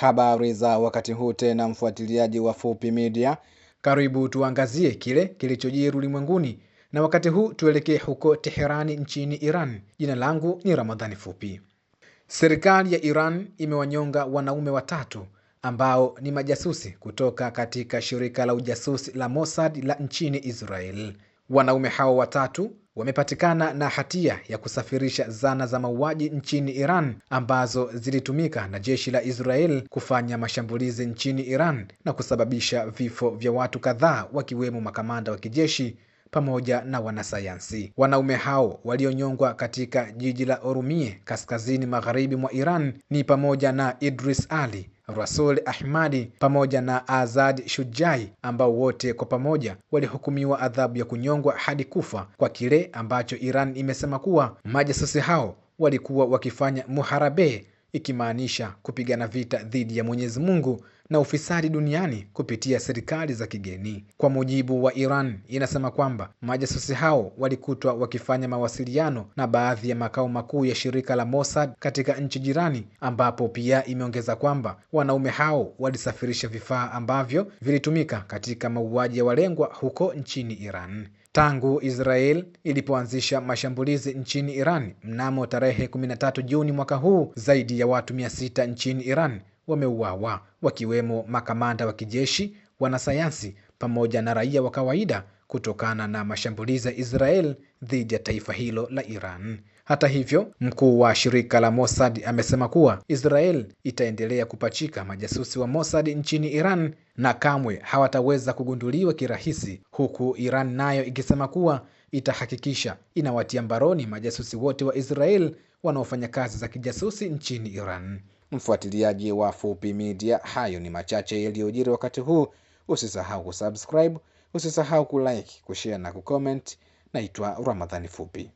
Habari za wakati huu tena, mfuatiliaji wa Fupi Media, karibu tuangazie kile kilichojiri ulimwenguni, na wakati huu tuelekee huko Teherani nchini Iran. Jina langu ni Ramadhani Fupi. Serikali ya Iran imewanyonga wanaume watatu ambao ni majasusi kutoka katika shirika la ujasusi la Mossad la nchini Israel. Wanaume hao watatu wamepatikana na hatia ya kusafirisha zana za mauaji nchini Iran ambazo zilitumika na jeshi la Israel kufanya mashambulizi nchini Iran na kusababisha vifo vya watu kadhaa wakiwemo makamanda wa kijeshi pamoja na wanasayansi. Wanaume hao walionyongwa katika jiji la orumie kaskazini magharibi mwa Iran ni pamoja na Idris Ali Rasul Ahmadi pamoja na Azad Shujai ambao wote kwa pamoja walihukumiwa adhabu ya kunyongwa hadi kufa kwa kile ambacho Iran imesema kuwa majasusi hao walikuwa wakifanya muharabe ikimaanisha kupigana vita dhidi ya Mwenyezi Mungu na ufisadi duniani kupitia serikali za kigeni. Kwa mujibu wa Iran, inasema kwamba majasusi hao walikutwa wakifanya mawasiliano na baadhi ya makao makuu ya shirika la Mossad katika nchi jirani, ambapo pia imeongeza kwamba wanaume hao walisafirisha vifaa ambavyo vilitumika katika mauaji ya walengwa huko nchini Iran tangu Israel ilipoanzisha mashambulizi nchini Iran mnamo tarehe 13 Juni mwaka huu, zaidi ya watu 600 nchini Iran wameuawa wakiwemo makamanda wa kijeshi, wanasayansi pamoja na raia wa kawaida kutokana na mashambulizi ya Israel dhidi ya taifa hilo la Iran. Hata hivyo, mkuu wa shirika la Mossad amesema kuwa Israel itaendelea kupachika majasusi wa Mossad nchini Iran na kamwe hawataweza kugunduliwa kirahisi, huku Iran nayo ikisema kuwa itahakikisha inawatia mbaroni majasusi wote wa Israel wanaofanya kazi za kijasusi nchini Iran. Mfuatiliaji wa Fupi Media, hayo ni machache yaliyojiri wakati huu. Usisahau kusubscribe, usisahau kulike, kushare na kucomment. Naitwa Ramadhani Fupi.